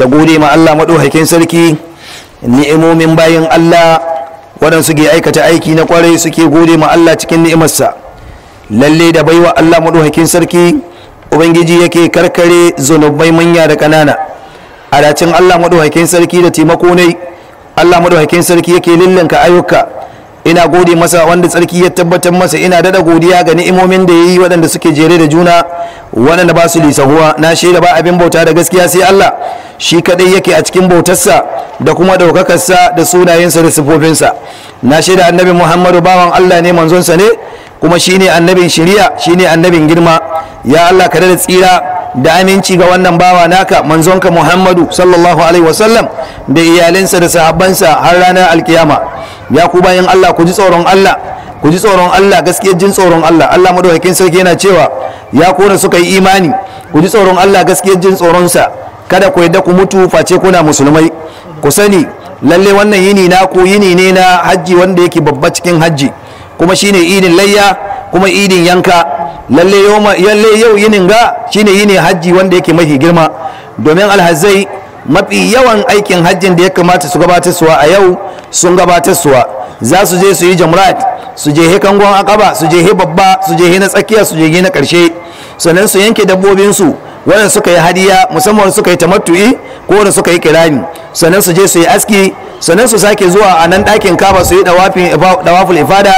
da gode ma Allah maɗaukakin sarki ni'imomin bayan Allah waɗansu suke aikata aiki na kwarai suke gode ma Allah cikin ni'imarsa lalle da baiwa Allah maɗaukakin sarki ubangiji yake karkare zunubai manya da ƙanana a dacin Allah maɗaukakin sarki da taimako ne Allah maɗaukakin sarki yake lillanka ayyuka ina gode masa wanda tsarki ya tabbatar masa ina dada godiya ga ni'imomin da ya yi waɗanda suke jere da juna waɗanda ba su lisahuwa na shaida ba abin bauta da gaskiya sai Allah shi kadai yake a cikin bautarsa da kuma daukakarsa da sunayensa da sifofinsa na shaida annabi Muhammadu bawan Allah ne manzonsa ne kuma shine annabin shiriya shine annabin girma ya Allah ka da tsira da aminci ga wannan bawa naka manzonka muhammadu sallallahu alaihi wasallam da iyalinsa da sahabbansa har ranar alkiyama ya ku bayan allah ku ji tsoron allah ku ji tsoron allah gaskiyar jin tsoron allah allah madaukakin sarki yana cewa ya kona suka yi imani ku ji tsoron allah gaskiyar jin tsoronsa kada ku yadda ku mutu face kuna musulmai ku sani lalle wannan yini naku yini ne na hajji wanda yake babba cikin hajji kuma shine idin layya kuma idin yanka lalle yau yinin ga shine yini hajji wanda yake mafi girma domin alhazai mafi yawan aikin hajjin da ya kamata su gabatar suwa a yau sun gabatar suwa za su je su yi jamrat su je kangon akaba su je babba su je na tsakiya su je na karshe sannan su yanke dabbobinsu wannan suka yi hadiya musamman suka yi tamattu'i ko wanda suka yi kirani sannan su je su yi aski sannan su sake zuwa a nan ɗakin kaba su yi dawaful ifada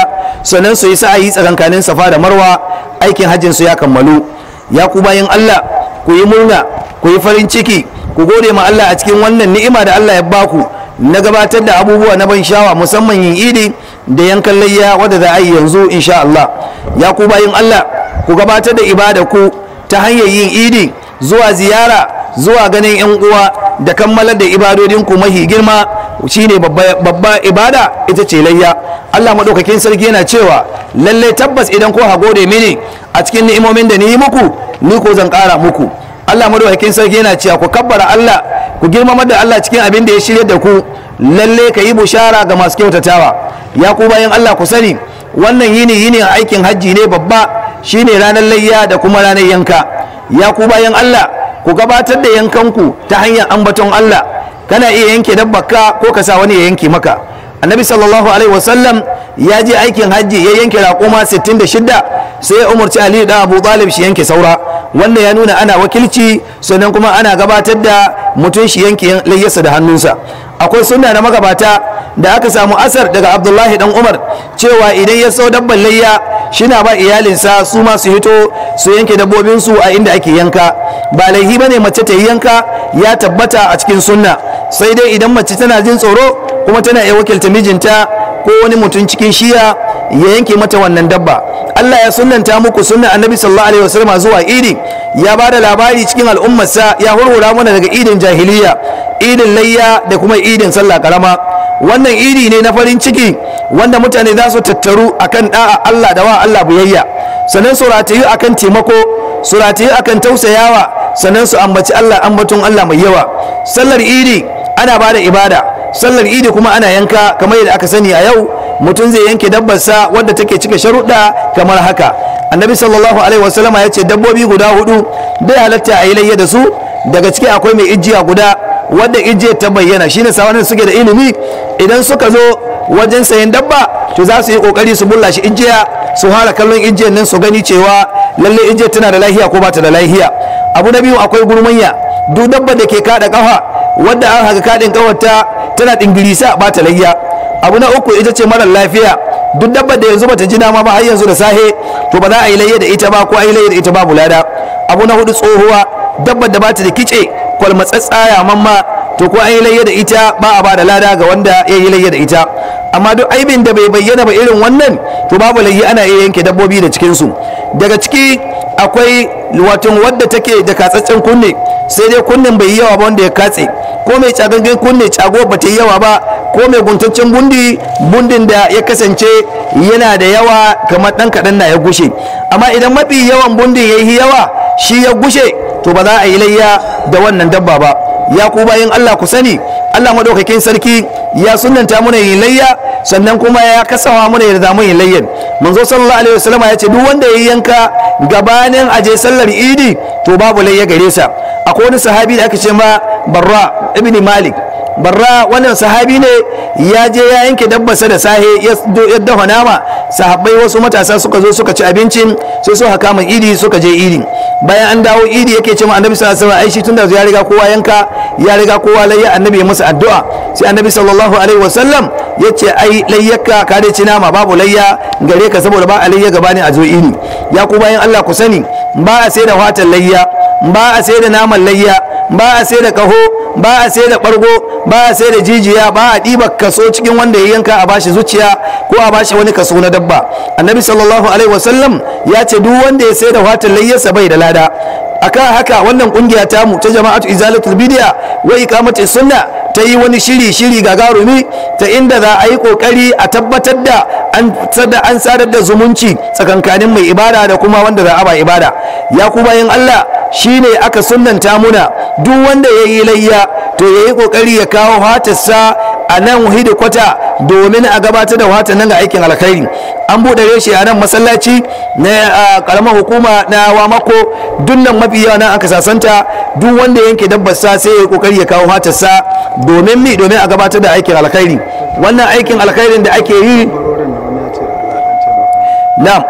sannan su yi sa'ayi tsakankanin safa da marwa aikin hajjin su ya kammalu ya ku bayan Allah ku yi murna ku yi farin ciki ku gode ma Allah a cikin wannan ni'ima da Allah ya baku na gabatar da abubuwa na ban shawa musamman yin idi da yankan layya wadda za a yi yanzu insha Allah ya ku bayan Allah ku gabatar da ibada ku ta hanyar yin idi zuwa ziyara zuwa ganin 'yan uwa da kammalar da ibadodinku mahi girma shine babba ibada ita ce layya Allah maɗaukakin sarki yana cewa lalle tabbas idan ko hago da mini a cikin ni'imomin da ni yi muku ni ko zan ƙara muku Allah maɗaukakin sarki yana cewa ku kabbara Allah ku girmamar da Allah cikin abin da ya shirya da ku lalle ka yi bushara ga masu kyautatawa ya ku bayan Allah ku sani wannan yini yini aikin hajji ne babba shine ranar layya da kuma ranar yanka ya ku bayan Allah ku gabatar da yankanku ta hanyar ambaton Allah kana iya yanke dabbaka ko ka sa wani ya yanke maka annabi sallallahu alaihi wasallam ya je aikin hajji ya yanke raƙuma 66 sai ya umarci ali da abu talib shi yanke saura Wannan ya nuna ana wakilci sannan kuma ana gabatar da mutum shi yanke layyarsa da hannunsa akwai sunna na magabata da aka samu asar daga abdullahi dan umar cewa idan ya so dabban layya shi na ba iyalinsa su masu hito su yanke dabbobinsu a inda ake yanka ba laihi ne mace ta yi yanka ya tabbata a cikin sunna sai dai idan mace tana jin tsoro kuma tana iya wakilta mijinta ko wani mutum cikin shiya ya yanke mata wannan dabba Allah ya sunanta muku sunnan annabi sallallahu alaihi wasallam zuwa idi ya ba da labari cikin al'ummarsa ya hurhura mana daga idin jahiliya idin layya da kuma idin sallah karama wannan iri ne na farin ciki wanda mutane za su tattaru akan da'a Allah da wa Allah biyayya sannan su ratayu akan taimako su ratayu akan tausayawa sannan su ambaci Allah ambaton Allah mai yawa sallar iri ana bada ibada sallar idi kuma ana yanka kamar yadda aka sani a yau mutum zai yanke dabbarsa wadda take cika sharuɗa kamar haka annabi sallallahu alaihi wasallama ya ce dabbobi guda hudu dai halatta a yi layya da su daga ciki akwai mai ijiya guda wadda ije ta bayyana shine sawanin suke da ilimi idan suka zo wajen sayan dabba to za su yi kokari su bulla shi su hara kallon ijiyar nan su gani cewa lalle injiya tana da lahiya ko ba ta da lahiya abu na biyu akwai gurmanya duk dabba da ke kada kafa wadda an haka kadin ta tana dingirisa ba ta lahiya abu na uku ita ce mara lafiya duk dabba da yanzu bata ji ma ba har yanzu da sahe to ba za a yi layya da ita ba ko a yi layya da ita babu lada abu na hudu tsohuwa dabba da bata da kice kwalmatsatsaya mamma to ko an yi layya da ita ba a ba da lada ga wanda ya yi layya da ita amma duk aibin da bai bayyana ba irin wannan to babu layyi ana iya yanke dabbobi da cikinsu daga ciki akwai wato wadda take da katsaccen kunne sai dai kunnen bai yi yawa ba wanda ya katse ko mai cagangan kunne cago ba ta yi yawa ba ko mai guntaccen bundi bundin da ya kasance yana da yawa kamar dan kaɗan na ya gushe amma idan mafi yawan bundin ya yi yawa shi ya gushe to ba za a yi layya da wannan dabba ba ya ku bayan Allah ku sani Allah madaukakin sarki ya sunanta muna yin layya sannan kuma ya kasawa muna yarda mun yin layyan manzo sallallahu alaihi wasallam ya ce duk wanda ya yanka gabanin aje sallar idi to babu layya gare sa akwai wani sahabi da aka ce ma barra ibni malik barra wannan sahabi ne ya je ya yanke dabbarsa da sahe ya dafa nama sahabbai wasu matasa suka zo suka ci abincin sai haka kama idi suka je idi bayan an dawo idi yake ce ma annabi sallallahu alaihi wasallam ai shi tunda ya riga kowa yanka ya riga kowa layya annabi ya musu addu'a sai annabi sallallahu alaihi wasallam ya ce ai layyaka ka da ci nama babu layya gare ka saboda ba a layya gabanin a zo idi ya ku bayan Allah ku sani ba a sai da watan layya ba a sai da naman layya ba a sai da kaho ba a sai da ɓargo ba a sai da jijiya ba a ɗiba kaso cikin wanda ya yanka a bashi zuciya ko a bashi wani kaso na dabba annabi sallallahu alaihi wasallam ya ce duk wanda ya sai da watan layyarsa bai da lada akan haka wannan kungiya ta mu ta jama'atu izalatul bidiya wa iqamati sunna ta yi wani shiri shiri gagarumi ta inda za a yi kokari a tabbatar da an sada an sadar da zumunci tsakankanin mai ibada da kuma wanda za a ba ibada ya kuma yin Allah shine aka sunnanta muna duk wanda ya yi layya to ya yi ƙoƙari ya kawo hatarsa a nan hidi kwata domin a gabatar da wata nan ga aikin alkhairi an buɗe reshe a nan masallaci na karamar hukuma na wamako dunnan mafi yawa nan aka sasanta duk wanda yanke sa sai ya kokari ya kawo hatarsa domin mi domin a gabatar da aikin alkhairi wannan aikin alkhairin da ake yi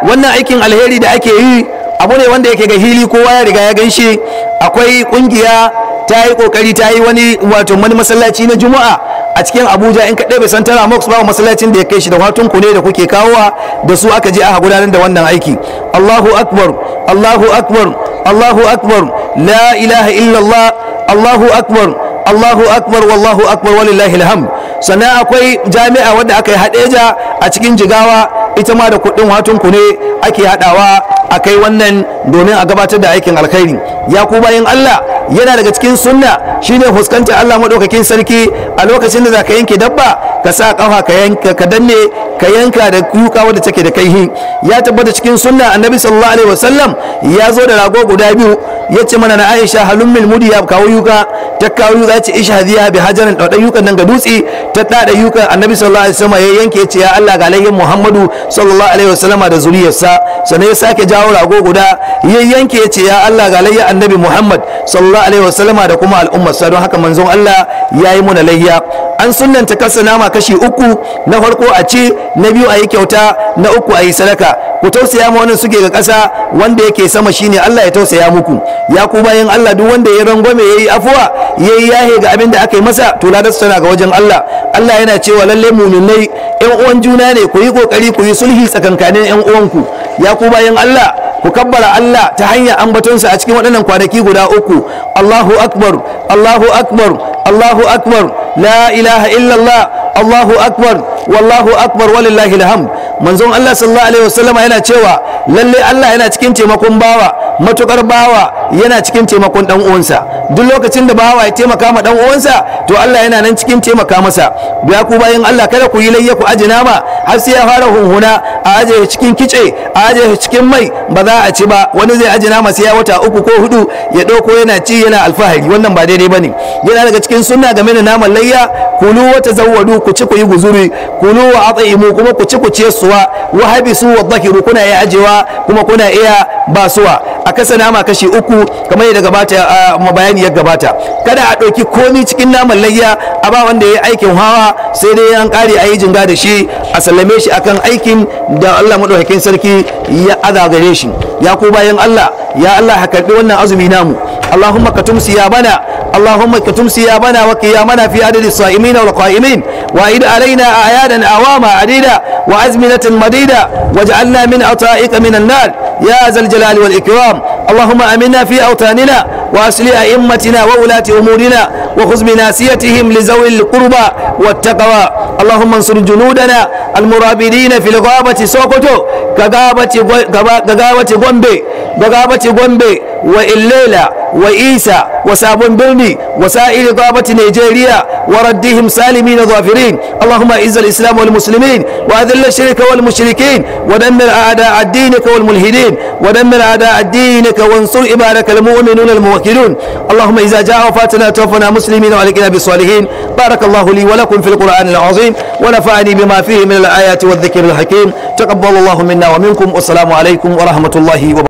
wannan aikin alheri da ake yi abu ne wanda yake ga hili kowa ya riga ya ganshi akwai kungiya ta yi kokari ta yi wani wato wani masallaci na juma'a a cikin abuja in ka bai san tara mox ba masallacin da ya kai shi da watun ku ne da kuke kawowa da su aka je aka gudanar da wannan aiki allahu akbar allahu akbar allahu akbar la ilaha illallah allahu akbar allahu akbar wallahu akbar walillahi alham sannan akwai jami'a wadda aka yi haɗeja a cikin jigawa ita ma da kuɗin watun ku ne ake haɗawa a kai wannan domin a gabatar da aikin alkhairi ya ku bayan Allah yana daga cikin sunna shine fuskantar Allah madaukakin sarki a lokacin da za ka yanke dabba ka sa kafa ka yanka ka danne ka yanka da kuka wadda take da kaihi ya tabbata cikin sunna annabi sallallahu alaihi wasallam ya zo da rago guda biyu ya ce mana na Aisha halummil mudi ya kawo yuka ta kawo za ce ishi hadiya bi hajarin ɗauɗa yukan nan ga dutse ta ɗaɗa yukan annabi sallallahu alaihi wasallam ya yanke ce ya Allah ga alayhi muhammadu sallallahu alaihi wasallama da zuriyarsa sannan ya sake jawo rago guda ya yanke ce ya Allah ga alayhi annabi muhammad sallallahu alaihi wasallama da kuma al'ummarsa don haka manzon Allah ya yi muna layya an sunanta kasa nama kashi uku na farko a ci na biyu a yi kyauta na uku a yi sadaka ku tausaya ma wannan suke ga kasa wanda yake sama shine Allah ya tausaya muku ya ku bayan Allah duk wanda ya rangwame yayi afuwa yayi yahe ga abin da aka yi masa to ladar tana ga wajen Allah Allah yana cewa lalle muminai yan uwan juna ne ku yi kokari ku yi sulhi tsakankanin yan uwanku ya ku bayan Allah ku kabbara Allah ta hanyar ambatonsa a cikin waɗannan kwanaki guda uku Allahu akbar Allahu akbar Allahu akbar la ilaha illallah Allahu akbar wallahu akbar walillahi alhamd manzon Allah sallallahu yana cewa lalle Allah yana cikin taimakon bawa matukar bawa yana cikin taimakon dan uwansa duk lokacin da bawa ya taimaka ma dan uwansa to Allah yana nan cikin taimaka masa ya ku bayin Allah kada ku yi layya ku ajina ba, har sai ya fara hunhuna a aje cikin kice a aje cikin mai ba za a ci ba wani zai ajina ma sai ya wata uku ko hudu ya dauko yana ci yana alfahari wannan ba daidai bane yana daga cikin sunna game da naman layya kulu wa tazawwadu ku ci ku yi guzuri kulu wa at'imu kuma ku ci ku ciye suwa wa wa dhakiru kuna ya ajewa kuma kuna iya basuwa a kasa nama kashi uku kamar yadda gabata bayani ya gabata kada a ɗauki komi cikin naman layya a ba wanda ya yi aikin hawa sai dai an kare a yi jinga da shi a sallame shi akan aikin da Allah maɗaukakin sarki ya aza shi ya ku bayan Allah ya Allah ha karɓi wannan azumi namu Allahumma ka ya bana اللهم كتم صيامنا وقيامنا في عدد الصائمين والقائمين وإذ علينا أعيادا أواما عديدة وأزمنة مديدة واجعلنا من عطائك من النار يا ذا الجلال والإكرام اللهم أمنا في أوطاننا وأصل أئمتنا وولاة أمورنا وخذ بناسيتهم لذوي القربى والتقوى اللهم انصر جنودنا المرابدين في الغابة سوكوتو كغابة غابة غومبي gwagwabati gombe wa illela wa isa wa sabon birni wa sa'iri Gabati nigeria wa raddihim salimin na zafirin allahumma izzal islam wal muslimin wa adilla shirka wal mushrikin wa dammir a'da addinaka wal mulhidin wa dammir a'da addinaka wansur ibadaka al mu'minun al muwakkilun allahumma idza ja'a wafatuna tawaffana muslimin wa alqina bis salihin barakallahu li wa lakum fil qur'an al azim wa nafa'ani bima fihi min al ayati wal dhikr al hakim taqabbal minna منا minkum والسلام عليكم ورحمه الله وبركاته